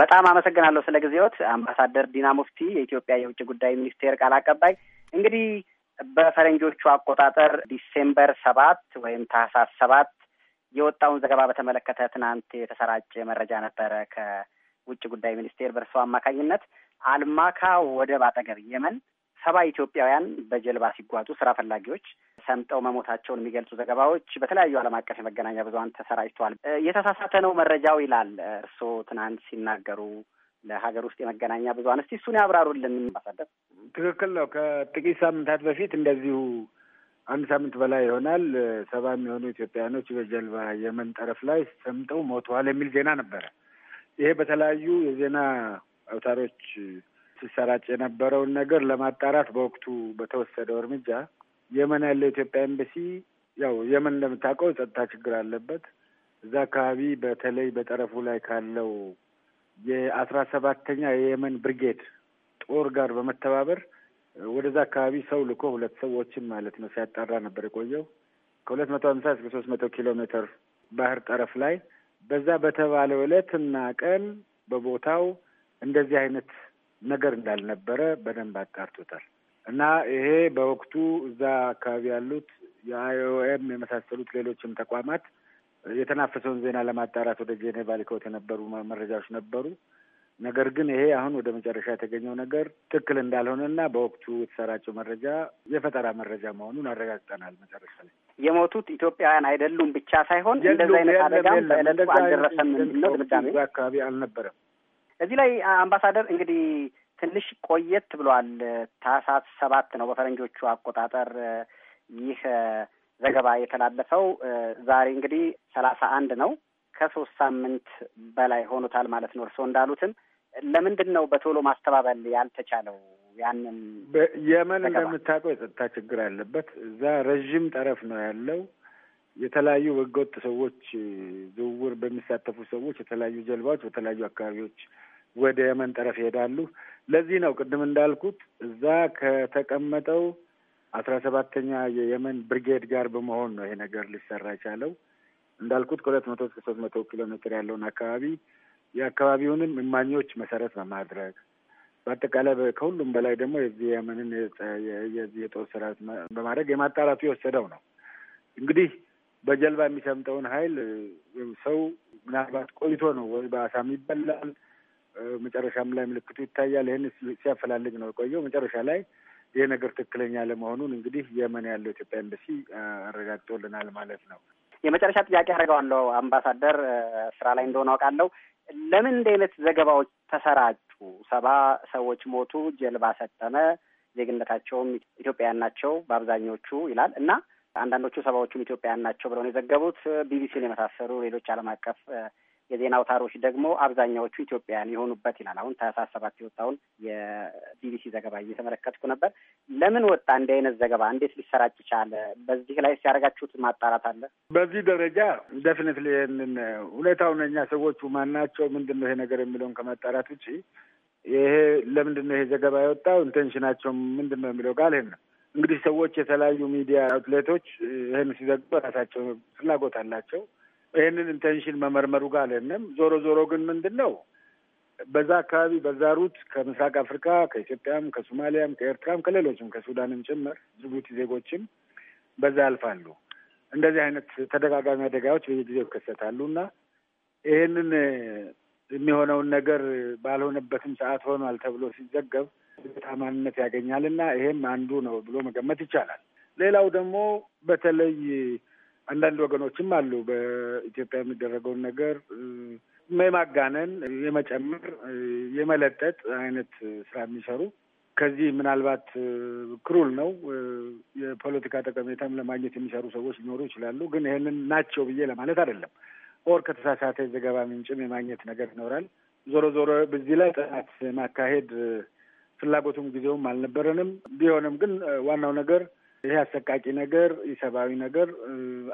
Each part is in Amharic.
በጣም አመሰግናለሁ ስለ ጊዜዎት አምባሳደር ዲና ሙፍቲ፣ የኢትዮጵያ የውጭ ጉዳይ ሚኒስቴር ቃል አቀባይ። እንግዲህ በፈረንጆቹ አቆጣጠር ዲሴምበር ሰባት ወይም ታህሳስ ሰባት የወጣውን ዘገባ በተመለከተ ትናንት የተሰራጨ መረጃ ነበረ ከውጭ ጉዳይ ሚኒስቴር በእርሶ አማካኝነት አልማካ ወደብ አጠገብ የመን ሰባ ኢትዮጵያውያን በጀልባ ሲጓዙ ስራ ፈላጊዎች ሰምጠው መሞታቸውን የሚገልጹ ዘገባዎች በተለያዩ ዓለም አቀፍ የመገናኛ ብዙኃን ተሰራጭተዋል። የተሳሳተ ነው መረጃው ይላል እርስዎ ትናንት ሲናገሩ ለሀገር ውስጥ የመገናኛ ብዙኃን። እስቲ እሱን ያብራሩልን አምባሳደር። ትክክል ነው። ከጥቂት ሳምንታት በፊት እንደዚሁ አንድ ሳምንት በላይ ይሆናል ሰባ የሚሆኑ ኢትዮጵያውያኖች በጀልባ የመን ጠረፍ ላይ ሰምጠው ሞተዋል የሚል ዜና ነበረ። ይሄ በተለያዩ የዜና አውታሮች ሲሰራጭ የነበረውን ነገር ለማጣራት በወቅቱ በተወሰደው እርምጃ የመን ያለው ኢትዮጵያ ኤምባሲ ያው የመን እንደምታውቀው የጸጥታ ችግር አለበት። እዛ አካባቢ በተለይ በጠረፉ ላይ ካለው የአስራ ሰባተኛ የየመን ብርጌድ ጦር ጋር በመተባበር ወደዛ አካባቢ ሰው ልኮ ሁለት ሰዎችን ማለት ነው ሲያጣራ ነበር የቆየው ከሁለት መቶ ሀምሳ እስከ ሶስት መቶ ኪሎ ሜትር ባህር ጠረፍ ላይ በዛ በተባለው ዕለት እና ቀን በቦታው እንደዚህ አይነት ነገር እንዳልነበረ በደንብ አጣርቶታል። እና ይሄ በወቅቱ እዛ አካባቢ ያሉት የአይኦኤም የመሳሰሉት ሌሎችም ተቋማት የተናፈሰውን ዜና ለማጣራት ወደ ጄኔቫ ልከውት የነበሩ መረጃዎች ነበሩ። ነገር ግን ይሄ አሁን ወደ መጨረሻ የተገኘው ነገር ትክክል እንዳልሆነና በወቅቱ የተሰራጨው መረጃ የፈጠራ መረጃ መሆኑን አረጋግጠናል። መጨረሻ ላይ የሞቱት ኢትዮጵያውያን አይደሉም ብቻ ሳይሆን እንደዚ አይነት አደጋም በእለቱ አልደረሰም ነው ድምዳሜ አካባቢ አልነበረም። እዚህ ላይ አምባሳደር እንግዲህ ትንሽ ቆየት ብሏል። ታህሳስ ሰባት ነው በፈረንጆቹ አቆጣጠር ይህ ዘገባ የተላለፈው። ዛሬ እንግዲህ ሰላሳ አንድ ነው። ከሶስት ሳምንት በላይ ሆኖታል ማለት ነው። እርስዎ እንዳሉትም ለምንድን ነው በቶሎ ማስተባበል ያልተቻለው? ያንን የመን እንደምታውቀው የጸጥታ ችግር አለበት። እዛ ረዥም ጠረፍ ነው ያለው። የተለያዩ ህገወጥ ሰዎች ዝውውር በሚሳተፉ ሰዎች የተለያዩ ጀልባዎች በተለያዩ አካባቢዎች ወደ የመን ጠረፍ ይሄዳሉ። ለዚህ ነው ቅድም እንዳልኩት እዛ ከተቀመጠው አስራ ሰባተኛ የየመን ብርጌድ ጋር በመሆን ነው ይሄ ነገር ሊሰራ የቻለው። እንዳልኩት ከሁለት መቶ እስከ ሶስት መቶ ኪሎ ሜትር ያለውን አካባቢ የአካባቢውንም እማኞች መሰረት በማድረግ በአጠቃላይ ከሁሉም በላይ ደግሞ የዚህ የመንን የዚህ የጦር ስርዓት በማድረግ የማጣራቱ የወሰደው ነው። እንግዲህ በጀልባ የሚሰምጠውን ኃይል ሰው ምናልባት ቆይቶ ነው ወይ በአሳም ይበላል መጨረሻም ላይ ምልክቱ ይታያል። ይህን ሲያፈላልግ ነው የቆየው። መጨረሻ ላይ ይህ ነገር ትክክለኛ ለመሆኑን እንግዲህ የመን ያለው ኢትዮጵያ ኤምባሲ አረጋግጦልናል ማለት ነው። የመጨረሻ ጥያቄ አደርገዋለሁ። አምባሳደር ስራ ላይ እንደሆነ አውቃለሁ። ለምን እንደ አይነት ዘገባዎች ተሰራጩ? ሰባ ሰዎች ሞቱ፣ ጀልባ ሰጠመ፣ ዜግነታቸውም ኢትዮጵያውያን ናቸው በአብዛኞቹ ይላል እና አንዳንዶቹ ሰባዎቹም ኢትዮጵያውያን ናቸው ብለው ነው የዘገቡት። ቢቢሲን የመሳሰሉ ሌሎች ዓለም አቀፍ የዜና አውታሮች ደግሞ አብዛኛዎቹ ኢትዮጵያውያን የሆኑበት ይላል። አሁን ታህሳስ ሰባት የወጣውን የቢቢሲ ዘገባ እየተመለከትኩ ነበር። ለምን ወጣ እንዲህ አይነት ዘገባ? እንዴት ሊሰራጭ ቻለ? በዚህ ላይ ሲያደርጋችሁት ማጣራት አለ? በዚህ ደረጃ ደፍኒትሊ ይህንን ሁኔታውን እኛ ሰዎቹ ማናቸው ምንድን ነው ይሄ ነገር የሚለውን ከማጣራት ውጭ ይሄ ለምንድን ነው ይሄ ዘገባ የወጣው ኢንቴንሽናቸው ምንድን ነው የሚለው ቃል ይሄን ነው እንግዲህ ሰዎች የተለያዩ ሚዲያ አውትሌቶች ይህን ሲዘግቡ ራሳቸው ፍላጎት አላቸው። ይህንን ኢንቴንሽን መመርመሩ ጋር አለንም። ዞሮ ዞሮ ግን ምንድን ነው በዛ አካባቢ በዛ ሩት ከምስራቅ አፍሪካ ከኢትዮጵያም፣ ከሶማሊያም፣ ከኤርትራም፣ ከሌሎችም ከሱዳንም ጭምር ጅቡቲ ዜጎችም በዛ ያልፋሉ። እንደዚህ አይነት ተደጋጋሚ አደጋዎች በየጊዜው ይከሰታሉ እና ይህንን የሚሆነውን ነገር ባልሆነበትም ሰዓት ሆኗል ተብሎ ሲዘገብ ታማንነት ያገኛል እና ይሄም አንዱ ነው ብሎ መገመት ይቻላል። ሌላው ደግሞ በተለይ አንዳንድ ወገኖችም አሉ በኢትዮጵያ የሚደረገውን ነገር የማጋነን፣ የመጨመር፣ የመለጠጥ አይነት ስራ የሚሰሩ ከዚህ ምናልባት ክሩል ነው የፖለቲካ ጠቀሜታም ለማግኘት የሚሰሩ ሰዎች ሊኖሩ ይችላሉ። ግን ይህንን ናቸው ብዬ ለማለት አይደለም። ኦር ከተሳሳተ ዘገባ ምንጭም የማግኘት ነገር ይኖራል። ዞሮ ዞሮ በዚህ ላይ ጥናት ማካሄድ ፍላጎቱም ጊዜውም አልነበረንም። ቢሆንም ግን ዋናው ነገር ይሄ አሰቃቂ ነገር፣ ኢሰብአዊ ነገር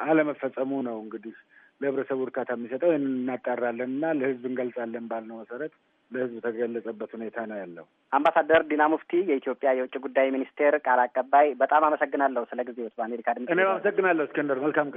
አለመፈጸሙ ነው እንግዲህ ለህብረተሰቡ እርካታ የሚሰጠው። ይህን እናጣራለን እና ለህዝብ እንገልጻለን ባልነው መሰረት ለህዝብ የተገለጸበት ሁኔታ ነው ያለው። አምባሳደር ዲና ሙፍቲ የኢትዮጵያ የውጭ ጉዳይ ሚኒስቴር ቃል አቀባይ፣ በጣም አመሰግናለሁ ስለ ጊዜዎት። በአሜሪካ ድምጽ እኔም አመሰግናለሁ እስክንድር። መልካም ቀን።